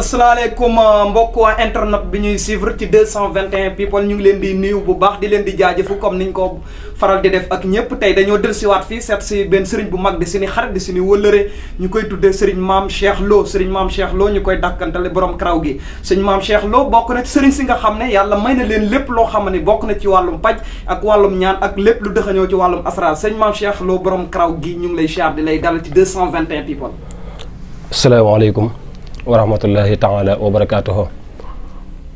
asalaamaaleykum euh, mbokk waa internet bi ñuy suivre ci 221 people ñu ngi leen di nuyu bu baax di leen di jaajëfu comme niñ ko faral di def ak ñëpp tey dañoo dellusiwaat fii seet si benn sëriñ bu mag di suñu xarit di suñu wëllëre ñu koy tuddee sëriñ maam Cheikh Lo sëriñ maam Cheikh Lo ñu koy dàkkantale borom kraw gi sëriñ maam Cheikh Lo bokk na ci sëriñ si nga xam ne yàlla may na leen lépp loo xam ne bokk na ci wàllum paj ak wàllum ñaan ak lépp lu dëxañoo ci wàllum asrar sëriñ maam Cheikh borom kraw gi ñu ngi lay siyaar di lay dalal ci 221 people asalaamaaleykum wa rahmatullahi taala wa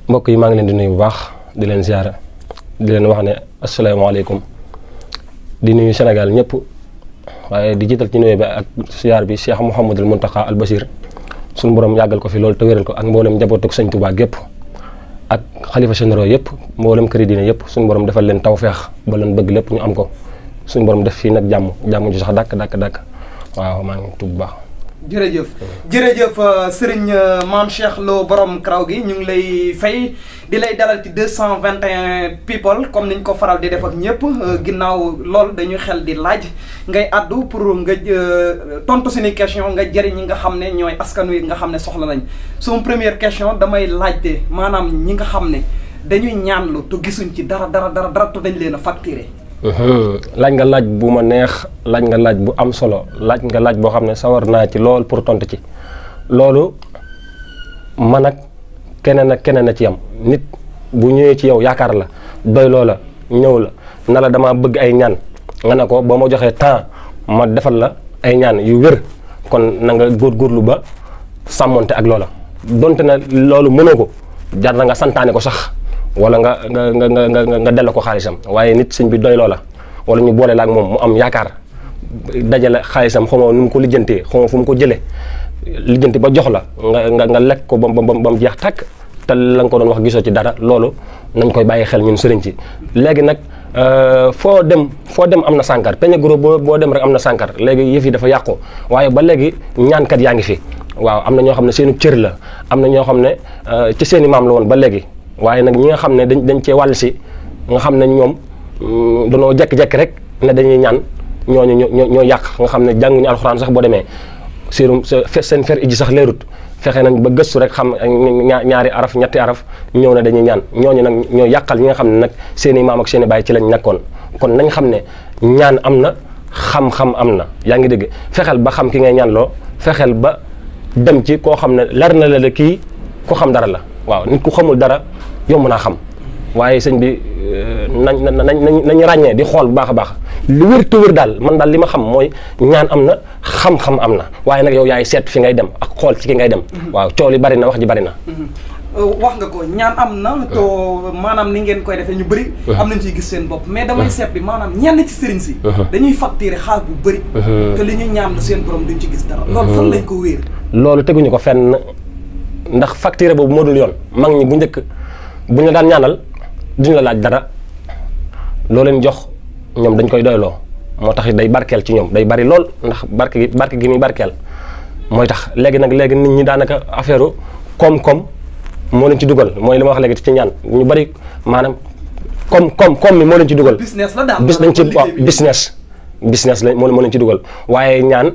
mbokk yi maa ngi leen di nuyu bu baax di leen ziara di leen wax ne asalaamaaleykum di nuyu senegal ñëpp waaye di jiital ci nuyoo bi ak ziar bi Cheikh Mouhamadul Mountakha al Bachir sunu borom yàggal ko fi loolu te ko ak mboolem njabootug sañ tubaak gépp ak xalifa généraux yëpp mboolem kër yi diine yëpp suñu borom defal leen tawféex ba leen bëgg lépp ñu am ko suñ borom def fii nag jàmm jàmm ju sax dàkk dàkk dàkk waaw jërëjëf jërëjëf euh, sëriñ euh, maam Cheikh Lo borom karaw gi ñu ngi lay fay di lay dalal ci deux cent vingt et un people comme niñ ko faral di def ak ñëpp euh, ginnaaw lool dañuy xel di laaj ngay addu pour nga tontu suñuy question nga jëriñ ñi nga xam ne ñooy askan wi nga xam ne soxla nañ sama première question damay laajte maanaam ñi nga xam ne dañuy ñaanlu te gisuñ ci dara dara dara dara te dañ leen a facturé laaj nga laaj bu ma neex laaj nga laaj bu am solo laaj nga laaj boo xam ne sawar naa ci lool pour tontu ci loolu man ak keneen ak keneen a ci yam nit bu ñëwee ci yow yaakaar la doy loo la ñëw la na la damaa bëgg ay ñaan nga ne ko boo ma joxee temps ma defal la ay ñaan yu wér kon na góor góorgóorlu ba sàmmoonte ak loola donte na loolu mënoo ko jar na nga santaane ko sax wala nga nga nga nga nga delloo ko xaalisam waaye nit sëñ bi doy loola wala ñu boole la ak moom mu am yaakaar dajale xaalisam xamoo nu mu ko lijjantee xamoo fu mu ko jëlee lijjanti ba jox la nga nga lekk ko ba mu ba mu jeex tàkk te la nga ko doon wax gisoo ci dara loolu nañ koy bàyyi xel ñun sëriñ ci léegi nag euh, foo dem foo dem am na sànkar peña goro boo boo dem rek am na sànkar léegi yëf yi dafa yàqu waaye ba léegi ñaankat yaa ngi fi waaw am na ñoo xam ne seenu cër la am na ñoo xam ne euh, ci seeni maam la woon ba léegi waaye nag ñi nga xam ne dañ dañ cee wàll si nga xam ne ñoom mm, danoo jekk-jekk rek ne dañuy ñaan ñooñu ñoo ñoo yàq nga xam ne jànguñu alxuraan sax boo demee séerum seen fer iji sax leerut fexe nañ ba gëstu rek xam ñaari araf ñetti araf ñëw na dañuy ñaan ñooñu nag ñoo yàqal ñi nga xam ne nag seen i seen baay ci lañ nekkoon kon nañ xam ne ñaan am na xam-xam am na yaa ngi dégg fexeel ba xam ki ngay ñaan loo fexeel ba dem ci koo xam ne leer na la la kii ku xam dara la waaw nit ku xamul dara yomb naa xam waaye sëñ bi euh, nañ nañ nañ ràññee di xool bu baax a baax lu wér te daal man daal li ma xam mooy ñaan am na xam-xam am na waaye nag yow yaay seet fi ngay dem ak xool ci ki ngay dem. Mhm. waaw coow li bari na wax ji bari na. Mhm. Euh, wax nga ko ñaan am na. to maanaam ni ngeen koy defee ñu bari am nañ ciy gis seen bopp mais damay seet bi maanaam na ci sëriñ si. dañuy facturer xaalis bu bëri. te li ñuy ñaan seen borom duñ ci gis dara. loolu fan lañ ko wéer. loolu teguñu ko fenn ndax facture boobu moo dul yoon mag ñi bu njëkk. bu ñu daan ñaanal duñu la laaj dara loo leen jox ñoom dañ koy doyloo moo tax day barkeel ci ñoom day bari lool ndax barke gi barke gi muy barkeel mooy tax léegi nag léegi nit ñi daanaka affaire koom-koom moo leen ci dugal mooy li ma wax léegi ci ñaan ñu bari maanaam koom koom koom mi moo leen ci dugal. business la daal bis dañ ci waaw business. business la moo moo leen ci dugal waaye ñaan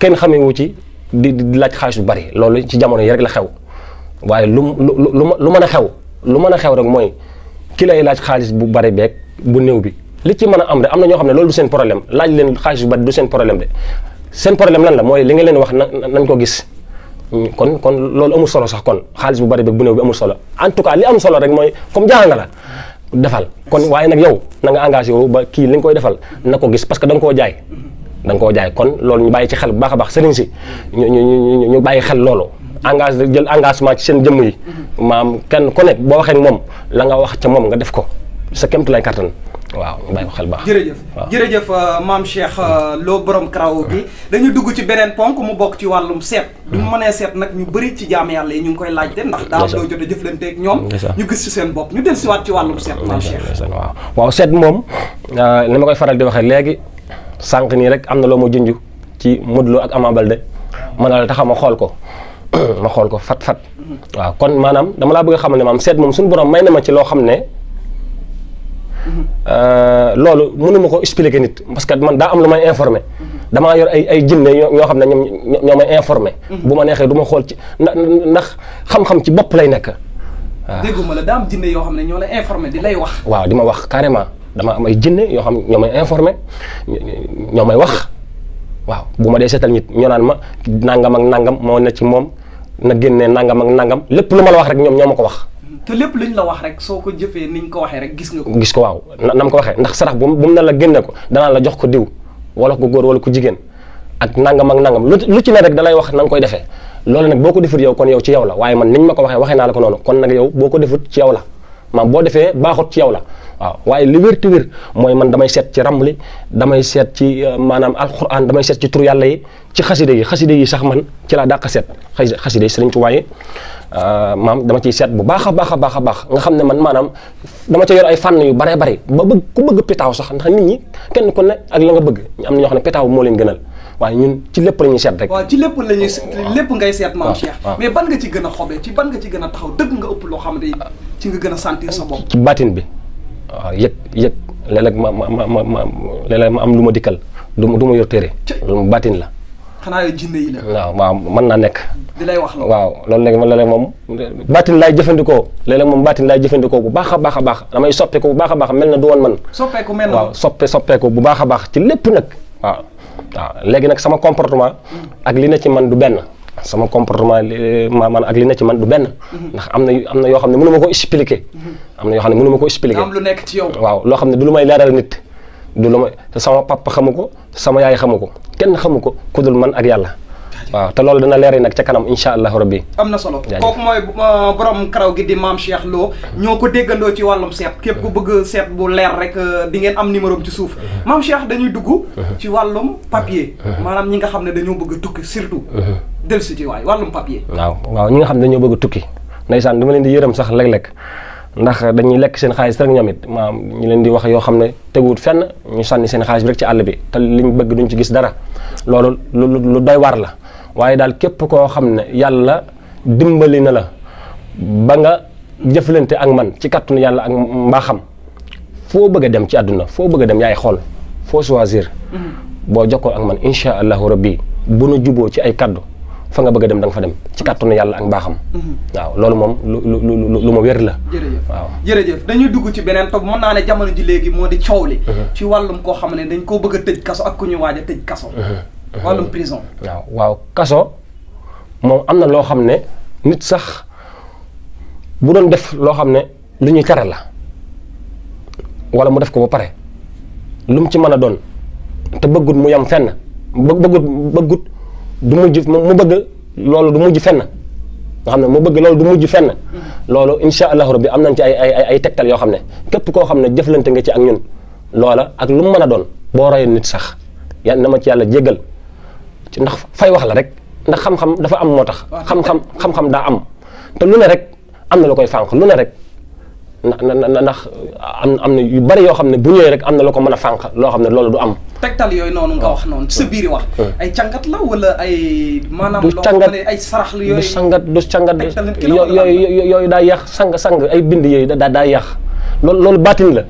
kenn xamee wu ci di di laaj xaalis bu bari loolu ci jamono yi rek la xew waaye lu lu lu lu mën a xew. lu mën a xew rek mooy ki lay laaj xaalis bu bari beeg bu néew bi li ci mën a am de am na ñoo xam ne loolu du seen problème laaj leen xaalis bu bari du seen problème de seen problème lan la mooy li nga leen wax na nañ ko gis kon kon loolu amul solo sax kon xaalis bu bari beeg bu néew bi amul solo en tout cas li am solo rek mooy comme jaaxal la defal kon waaye nag yow na nga engagé wu ba kii li nga koy defal na ko gis parce que danga nga koo jaay da ko jaay kon loolu ñu bàyyi ci xel bu baax a baax sëriñ si ñu ñu ñu bàyyi xel loolu. engage jël engagement ci seen jëmm yi mhm. maam kenn ku boo waxee moom la nga wax ca moom nga def ko sa kémtu lay kattan waaw bàyyi ko xel baax jërëjëf jërëjëf euh, maam Cheikh euh, Lo borom karaw bi dañu dugg ci beneen ponk mu bokk ci wàllum seet du mhm. mu mënee seet nag ñu bëri ci jaam yàlla yi ñu ngi koy laaj de ndax daal loo jot a jëflante ñoom ñu gis ci seen bopp ñu del siwaat ci wàllum seet maam Cheikh waaw waaw seet moom euh, ni ma koy faral di waxee léegi sànq nii rek am na loo ma junj ci Modou ak Ama Baldé ma ne la taxama xool ko ma xool ko fat fat waaw kon maanaam dama laa bëgg a xamal ne maam seet moom suñu borom may na ma ci loo xam ne euh, loolu mënuma ko expliquer nit parce que man daa am lu may informé damaa yor ay ay jinne ñoo xam ne ñoom ñoo may ma neexee du ma xool ci ndax xam ci bopp lay nekk waaw dégguma la daa am jinne yoo xam ne ñoo la informé di lay wax waaw di ma wax carrément dama am ay jinne yoo xam ñoo may informé ñoo may wax waaw bu ma dee seetal nit ñoo naan ma nangam ak nangam moo ne ci moom na génne nangam ak nangam lépp lu ma la wax rek ñoom ñoo ma ko wax. te lépp luñ la wax rek soo ko jëfee niñ ko waxee rek gis nga ko. gis ko waaw na ma ko waxee ndax sarax bu mu bu la génne ko danaa la jox ko diw wala ko góor wala ko jigéen ak nangam ak nangam lu ci ne rek dalay wax na nga koy defee loolu nag boo ko defut yow kon yow ci yow la waaye man niñ ma ko waxee waxee naa la ko noonu kon nag yow boo ko defut ci yow la maam boo defee baaxut ci yow la waaw waaye li wér mooy man damay seet ci ramli damay seet ci euh, maanaam alquran damay seet ci tur yàlla yi ci xaside yi xaside yi sax man ci laa dàq seet xaside yi sëriñ Tuubaa yi euh, maam dama ci seet bu baax a baax a baax baax nga xam ne man maanaam dama ca yor ay fànn yu bare bari ba bëgg ku bëgg pétaaw sax ndax nit ñi kenn ku ne ak la nga bëgg am na ñoo xam ne pétaaw moo leen gënal waaye ñun ci lépp la ñuy seet rek. ci lépp la lépp ngay seet. maam Cheikh nga ci gën ci ban nga ci gën taxaw dëgg nga ëpp loo xam ci nga gën a sentir sa bopp. ci baatin bi waaw yëg yëg léeg-léeg ma ma ma ma léeg-léeg ma am lu ma dikkal du ma du ma yor téere loolu baatin la. xanaa yooyu jinne yi la. waaw waaw naa nekk. di lay wax waaw loolu léegi man léeg-léeg moom baatin laay jëfandikoo léeg moom baatin laay jëfandikoo bu baax a baax a baax damay soppeeku bu baax a baax mel na du woon man. soppeeku mel na soppe soppeeku bu baax a baax ci lépp nag waaw. waaw léegi nag sama comportement mm. ak li na ci man du benn sama comportement ma man ak li ne ci man du benn ndax am na am na yoo xam ne mënu ma ko expliquer am na yoo xam ne mënu ma ko expliquer lu nekk ci yow waaw loo xam ne du lu may leeral nit du lu sama papa xamu ko sama yaay xamu ko kenn xamu ko ku dul man ak yàlla waaw te loolu dana leer yi nag ca kanam incha allahu rabbi am na solo kooku mooy uh, borom karaw gi di maam Cheikh loo mm-hmm. ñoo ko déggandoo ci wàllum seet képp ku bëgg seet bu leer rek uh, di ngeen am numéro ci suuf mm-hmm. maam Cheikh dañuy dugg mm-hmm. ci wàllum papier maanaam ñi nga xam ne dañoo bëgg tukki surtout del si ci waay wàllum papier waaw waaw ñi nga xam ne dañoo bëgg tukki ndeysaan dama leen di yërëm sax léeg lekk ndax dañuy lekk seen xaalis rek ñoom maam ñi leen di wax yoo xam ne teguwut fenn ñu sànni seen xaalis bi rek ci àll bi te liñ bëgg duñ ci gis dara loolu lu doy la waaye daal képp koo xam ne yàlla dimbali na la ba nga jëflante ak man ci kàttanu yàlla ak mbaaxam foo bëgg a dem ci àdduna foo bëgg a dem yaay xool foo choisir. boo jokkoo ak man incha allahu rabbi bu nu juboo ci ay kaddu fa nga bëgg a dem danga fa dem ci kàttanu yàlla ak mbaaxam. waaw loolu moom lu lu lu ma wér la. waaw jërëjëf dañuy dugg ci beneen toog mën naa ne jamono ji léegi moo di coow li. Uh-huh. ci wàllum koo xam ne dañ koo bëgg a tëj kaso ak ku ñu waaj tëj kaso. Uh-huh. wàllum prison. waaw waaw kaso moom am na loo xam ne nit sax bu doon def loo xam ne lu ñuy tere la wala mu def ko ba pare lu mu ci mën a doon te bëggut mu yam fenn bëggut bëggut du mujj mu bëgg loolu du mujj fenn nga xam ne bëgg loolu du mujj fenn loolu insha allahu rabbi am nañ ci ay ay ay tegtal yoo xam ne képp koo xam ne jëflante nga ci ak ñun loola ak lu mu mën a doon boo rayoon nit sax yan na ma ci yàlla jéggal ci ndax fay wax la rek ndax xam-xam dafa am moo tax. xam-xam daa am te lu ne rek am na lu koy fànq lu ne rek na na ndax am am na yu bari yoo xam ne bu ñëwee rek am na lu ko mën a fànq loo xam ne loolu du am. tegtal yooyu noonu nga wax noonu sa biir wax. Hmm. ay càngat la wala ay. maanaam ay sarax la yooyu du càngat du càngat yooyu yooyu yàq sang sang ay bind yooyu daa daa yàq loolu loolu baatin la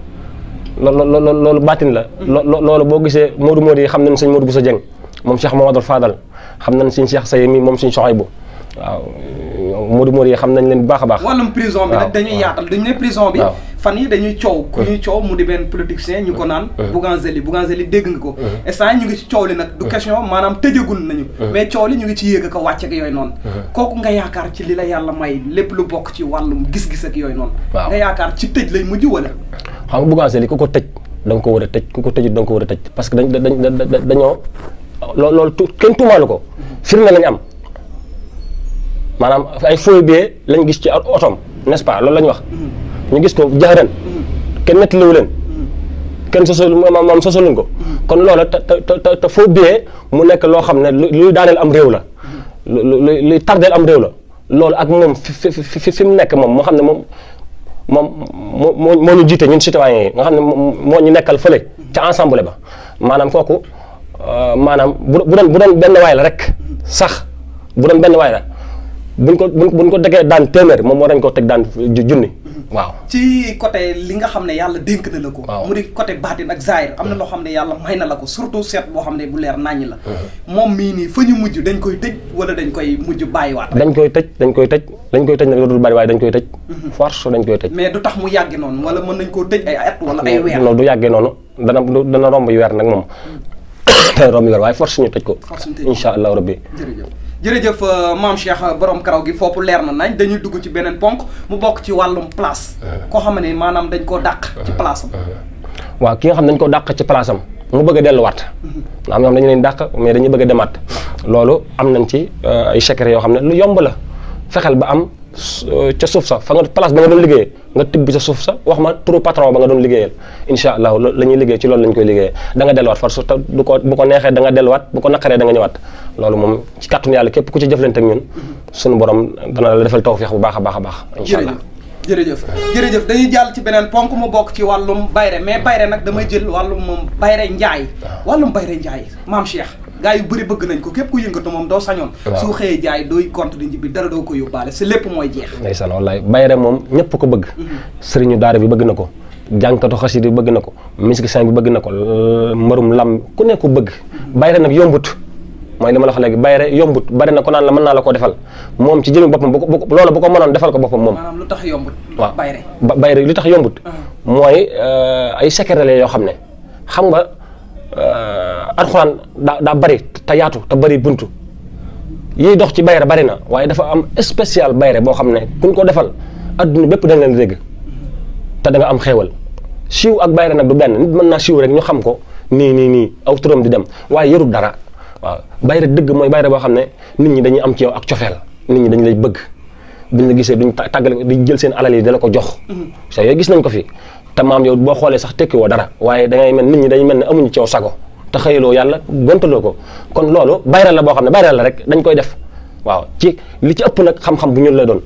loolu loolu baatin la. Hmm. loolu boo gisee Modou Modou yi xam nañ sëñ Modou Bousso Dieng. moom Cheikh Mamadou Fadal xam nañ suñ Cheikh Sayemi moom suñ Soxaybu waaw Modou Modou yi xam nañ leen bu baax a baax. wàllum prison bi nag dañuy yaatal dañu ne prison bi. fan yi dañuy coow. ku ñuy coow mu di benn politicien ñu ko naan. Bougazelli mm-hmm. Bougazelli dégg nga ko. Mm-hmm. instant ñu ngi ci coow li nag. du mm-hmm. question maanaam tëjagul nañu. mais coow li ñu ngi ci yéeg ak a wàcc ak yooyu noonu. kooku nga yaakaar ci li la yàlla may lépp lu bokk ci wàllum gis-gis ak yooyu noonu. waaw yaakaar ci tëj lay mujj wala. xam nga Bougazelli ku ko tëj da war a tëj ku ko tëjut war a parce que dañ dañoo loolu loolu tu kenn tuumaalu ko firnde lañ am maanaam ay faux billets lañ gis ci otoom n'est-ce pas loolu lañ wax ñu gis ko jaxëran kenn nettaliwu leen kenn sosal moom sosaluñ ko kon loola te te te mu nekk loo xam ne luy daaneel am réew la lu luy tardeel am réew la loolu ak moom fi fi mu nekk moom moo xam ne moom moom moo moo ñu jiite ñun citoyens yi nga xam ne moo ñu nekkal fële ca ensemble ba maanaam kooku Euh, maanaam bu doon bu doon benn waay la rek sax bu doon benn waay la buñ ko bu buñ ko tegee daan téeméer moom war nañ ko teg daan junni waaw. ci côté li nga xam ne yàlla dénk na la ko. mu di côté baatin ak loo xam ne yàlla may na la ko surtout seet boo xam ne bu leer naññ la. Mhm. moom mii nii fa ñu mujj dañ koy tëj wala dañ koy mujj bàyyiwaat. dañ koy tëj dañ koy tëj dañ koy tëj nag dootul bari waaye dañ koy tëj. Mhm. force dañ koy tëj. mais du tax mu yàggee noonu wala mën nañ koo tëj ay at wala ay weer. non du yàggee noonu dana dana romb yu weer nag moom mhm. tey rom yor waaye force suñu tëj ko. incha allah rabbi jërëjëf euh, maam Cheikh euh, borom karaw gi foofu leer na nañ dañuy dugg ci beneen ponk mu bokk ci wàllum place. Eh. koo xam ne maanaam dañ koo dàq. ci eh. place eh. waaw ki nga xam dañ koo dàq ci place am mu bëgg delluwaat. Mm-hmm. am na ñoo xam dañu leen dàq mais dañu bëgg a demaat. loolu am nañ ci euh, ay secret yoo xam ne lu yomb la fexeel ba am. su suuf sa fa nga place ba nga doon liggéeyee nga tibb sa suuf sa wax ma turu patron ba nga doon liggéeyal incha allah la ñuy liggéey ci loolu la ñu koy liggéeyee da nga delluwaat far su du ko bu nga delluwaat bu ko naqaree da moom ci kàttanu yàlla képp ku ci jëflante ak ñun suñu borom dana la defal tawfeex bu baax a baax a baax incha allah jërëjëf jërëjëf dañuy jàll ci beneen ponk mu bokk ci wàllum bayre mais bayre nag damay jël wàllum moom bayre njaay wàllum bayre njaay maam Cheikh gars yu bëri bëgg nañ ko képp ku yëngatu moom doo sañoon su xëyee jaay dooy compte di njibbi dara doo ko yóbbaale si lépp mooy jeex ndeysaan wallaay bayre ko bëgg mhm. sëriñu daara bi bëgg na ko jànkatu xasida bi bëgg na ko musique sañ bi bëgg na ko ku ne ko bëgg mhm. bayre nag yombut mooy li la wax léegi bayre yombut bari na ko naan la mën naa la koo defal moom ci jëmi boppam bu ko loolu bu ko mënoon defal ko boppam moom. maanaam lu tax yombut. waaw bayre bayre lu tax yombut. Uh-huh. mooy euh, ay secret yoo xam ne xam nga. Euh, alxuraan daa daa bari te yaatu te bari buntu yiy dox ci bayre bari na waaye dafa am spécial bayre boo xam ne kuñ ko defal adduna bépp dañ leen dégg te danga am xéewal siiw ak bayre nag du benn nit mën naa siw rek ñu xam ko nii nii nii aw turam di dem waaye yorul dara waaw bayre dëgg mooy bayre boo xam ne nit ñi dañuy am ci yow ak cofeel nit ñi dañ lay bëgg buñ la gisee duñ tàggal di jël seen alal yi da la ko jox. Mm-hmm. sa yooyu gis nañ ko fi te maam yow boo xoolee sax tekki woo dara waaye dangay mel nit ñi mel ne amuñu coow sago te xëyaloo yàlla gontaloo ko kon loolu bayral la boo xam ne bayral la rek dañ koy def waaw ci li ci ëpp nag xam-xam bu ñuul la doon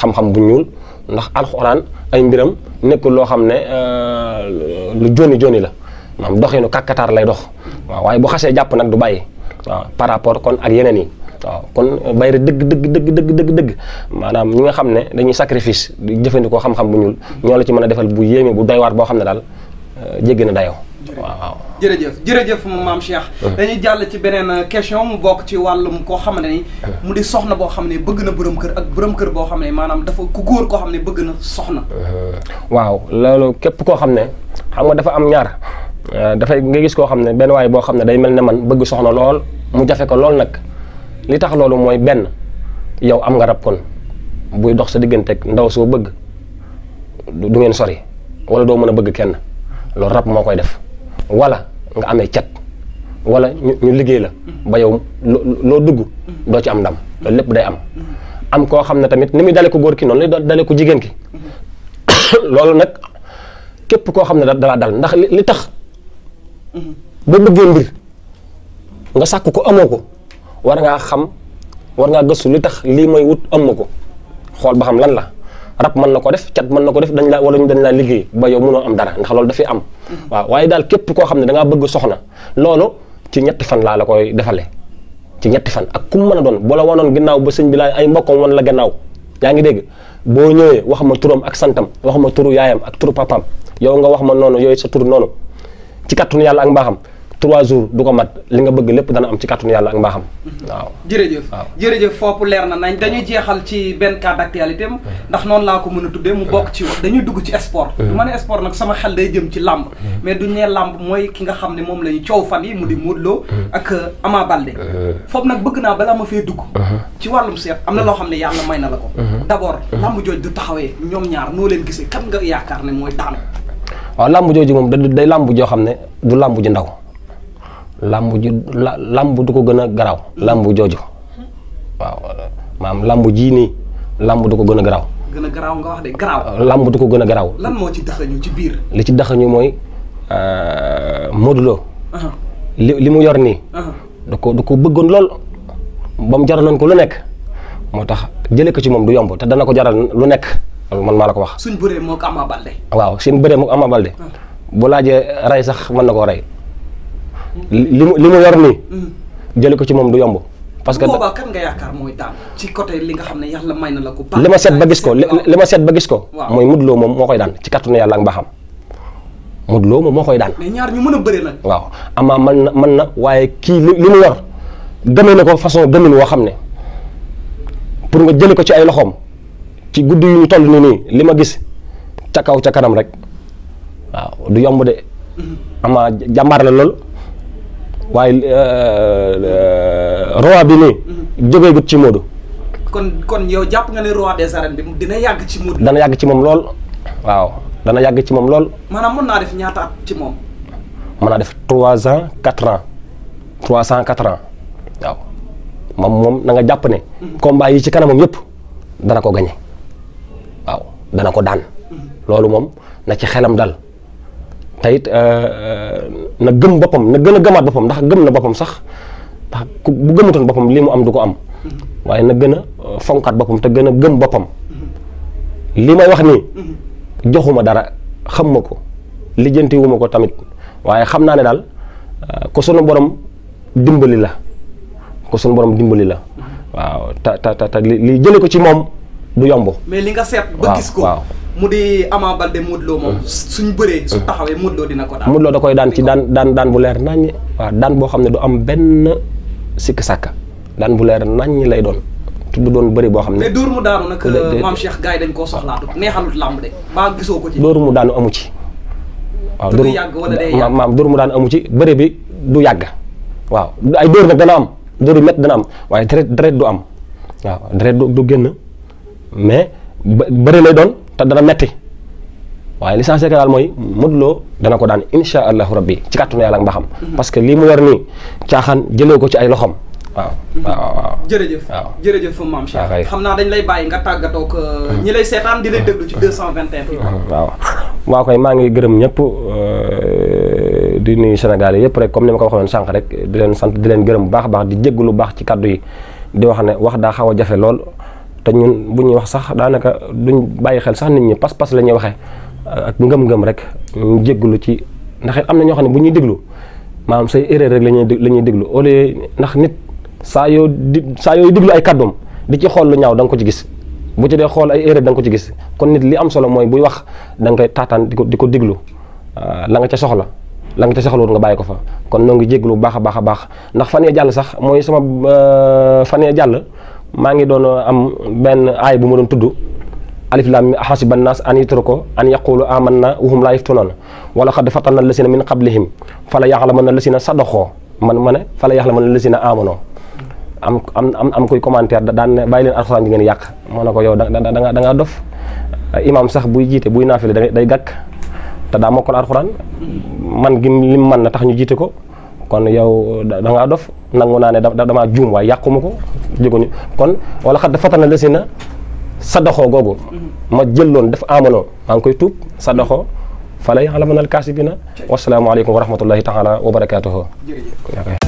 xam-xam bu ñuul ndax alxuraan ay mbiram nekkul loo xam ne euh, lu joni joni la maam doxinu kàkkataar lay dox waaw waaye bu xasee jàpp nag du bàyyi waaw par rapport kon ak yeneen yi waaw kon bayre dëgg dëgg dëgg dëgg dëgg dëgg maanaam ñi nga xam ne dañuy sacrifice di jëfandikoo xam-xam bu ñuul ñoo la ci mën a defal bu yéeme bu doy waar boo xam ne daal euh, jéggi na dayoo waaw jërëjëf jërëjëf maam Cheikh dañuy jàll ci beneen euh, question mu bokk ci wàllum koo xam ne ni mu di soxna boo xam ne bëgg na borom kër ak borom kër boo xam ne maanaam dafa ku góor koo xam ne bëgg na soxna waaw loolu képp koo xam ne xam nga dafa am ñaar euh, dafay nga gis koo xam ne benn waay boo xam ne day mel ne man bëgg soxna lool mu jafe ko lool nag li tax loolu mooy benn yow am nga rab kon buy dox sa digganteeg ndaw soo bëgg du ngeen sori wala doo mën a bëgg kenn loolu rab moo koy def walla nga amee cat wala ñu liggéey la ba yow loo dugg doo ci am ndam loolu lépp day am am koo xam ne tamit ni muy dale ko góor ki noonu lay dale ko jigéen ki loolu nag képp koo xam ne dalaa dal ndax li tax mm-hmm. boo bëggee mbir nga sàkk ko amoo ko war a ngaa xam war ngaa gëstu li tax lii mooy wut am ma ko xool ba xam lan la rab man na ko def cat mën na ko def dañ laa wala ñu dañ laa liggéey ba yow mënoo am dara ndax am mm-hmm. waaw waaye képp koo xam ne da bëgg soxna loolu ci ñetti fan laa la koy defale ci ñetti fan ak kum mën a doon boo la wanoon gannaaw ba sëñ bi laa ay mbokkam wan la gannaaw yaa ngi dégg boo ñëwee wax ma turam ak santam wax ma turu yaayam ak turu papaam yow nga wax ma noonu yooyu sa tur noonu ci kattanu yàlla ak mbaaxam trois jours du ko mat li nga bëgg lépp dana am ci kàttanu yàlla ak mbaaxam waaw jërëjëf waaw jërëjëf foofu leer na nañ dañuy jeexal ci benn cas d'actualité ndax noonu laa ko mën a tuddee mu bokk ci wax dañuy dugg ci sport hmm. du ma nag sama xel day jëm ci làmb hmm. mais duñ ne làmb mooy ki nga xam ne moom la ñu coow fan yi mu di Modou Lo hmm. ak euh, Ama Baldé foofu nag bëgg naa balaa ma fee dugg ci wàllum seet am na loo xam ne yàlla may na la ko d'abord làmb jooj du taxawee ñoom ñaar noo leen gisee kan nga yaakaar ne mooy daanu waaw làmb jooju moom day làmb joo xam ne du làmb ji ndaw làmb ju la du ko gën a garaaw làmb jooju waaw maam làmb jii nii làmb du ko gën a garaaw. gën nga wax de làmb du ko gën a garaaw. lan moo ci daxañu ci biir. li ci daxañu mooy euh, Modou Lo. Uh-huh. li mu yor nii. Uh-huh. da ko da ko bëggoon lool ba mu jaraloon ko lu nekk moo tax jële ko ci moom du yomb te dana ko jaral lu nekk man maa la ko wax. suñ bëree moo ko Ama Baldé. waaw suñ bëree moo ko Ama Baldé. Uh-huh. bu laajee rey sax mën na koo rey. li mu li mu yor nii. Mm. jëli ko ci moom du yomb. parce que boobaa kan nga yaakaar mooy ci côté li nga xam ne yàlla may na la ko. li ma seet ba gis ko li ma seet ba gis ko. mooy Modou Lo moom moo koy daan ci kattanu yàlla ak mbaaxam. Modou Lo moom moo koy daan. ñaar ñu mën a bëre nag. waaw amaa man na man na waaye kii li li mu yor demee na ko façon demin woo xam ne pour nga jële ko ci ay loxoom ci guddi yu ñu toll nii nii li ma gis ca kaw ca kanam rek waaw du yomb de. Mm-hmm. amaa jàmbaar la lool. waaye euh, euh, roi bi nii. Mhm. jógeegut ci Modou. kon kon yow jàpp nga ne roi des arènes bi dina yàgg ci dana yàgg ci moom lool waaw dana yàgg ci moom lool. maanaam mën naa def ñaata ci moom. mën a def trois ans quatre ans trois cent quatre ans waaw mam moom na nga jàpp ne. Mhm. combat yi ci kanamam yëpp dana ko gañe waaw dana ko daan. Mhm. loolu moom na ci xelam dal. te it euh, euh, na gëm boppam na gën a gëmaat boppam ndax gëm na boppam sax ndax bu gëmutoon boppam lii mu am du ko am mm-hmm. waaye na gën a euh, fonkaat boppam te gën a gëm boppam mm-hmm. lii may wax nii mm-hmm. joxuma dara xam ma ko lijjanti wu ko tamit waaye xam naa ne daal ko sunu borom dimbali la ko sunu borom dimbali la waaw ta ta ta li jële ko ci moom du yomb mais li nga waaw mu di Ama Baldé Modou Lo moom mm. suñ bëree su mm. taxawee Modou ko daan Modou Lo da koy daan ci daan daan daan bu leer naññ waaw daan boo xam ne du am benn sikk sàkka daan bu leer naññ lay doon du doon bëri boo xam ne. mais dóor mu daanu nag euh, maam yi dañ koo soxlaatu ah. neexalut làmb de ba gisoo mu daanu amu ci. waaw dóor maam maam dóor mu daanu amu ci bëri du yàgg. waaw ay dóor nag dana am dóor yu métti dana am waaye deret deret du am waaw deret du génn mais bë bëri lay doon. te dana metti waaye li daal mooy Modou dana ko daan insha allahu rabbi ci kàttanu yàlla ak mbaxam parce que lii mu yor nii caaxaan jëlee ko ci ay loxom waaw waaw waaw jërëjëf waaw xam naa dañ lay bàyyi nga tàggatoog euh, waaw waaw koy maa ngi gërëm ñëpp euh, di nuyu Sénégal yi yëpp rek comme ni ma ko waxoon sànq rek di leen sant di leen gërëm bu baax a baax di jégg lu baax ci kàddu yi di wax ne wax daa xaw a jafe lool te ñun bu ñuy wax sax daanaka duñ bàyyi xel sax nit ñi pas-pas la ñuy waxee ak ngëm rek ñu ci ndax am na ñoo xam ne bu ñuy déglu maanaam say erreur rek la ñuy la ñuy déglu au lieu ndax nit saa yoo di saa yooyu déglu ay kàddoom di ci xool lu ñaaw da nga ko ci gis bu ci dee xool ay erreur da ko ci gis kon nit li am solo mooy buy wax da nga taataan di ko di ko déglu euh, la nga ca soxla la nga ca soxlawul nga bàyyi ko fa kon noo ngi jéglu bu baax a baax a baax ndax fan yee jàll sax mooy sama euh, fan yee jàll maa ngi doon am benn aay bu ma doon tudd alif laam ahasiba nnaas an yutraku an yaqulu amanna wa hum laa yaftunoon wala xad fatanna lasina min qablihim fala yaxlamanna lasina sadaqoo man ma ne fala yaxlamanna lasina amanoo am am am kuy commentaire daan ne bàyyi leen alxuraan ji ngeen yàq moo ne ko yow da da da ngaa dof imaam sax buy jiite buy naafile day gàkk te daa mokkal alxuraan man gi lim man na tax ñu jiite ko kon yow da dof nangu naa ne damaa juum waaye yàquma ko jóguñu kon wala xat dafa tànn lesi na sa doxoo googu. Mm-hmm. ma jël loon def amaloo maa ngi koy tuub sa doxoo falay alamanal kaasi bi na wasalaamualeykum wa rahmatullahi taala wa barakaatuhu.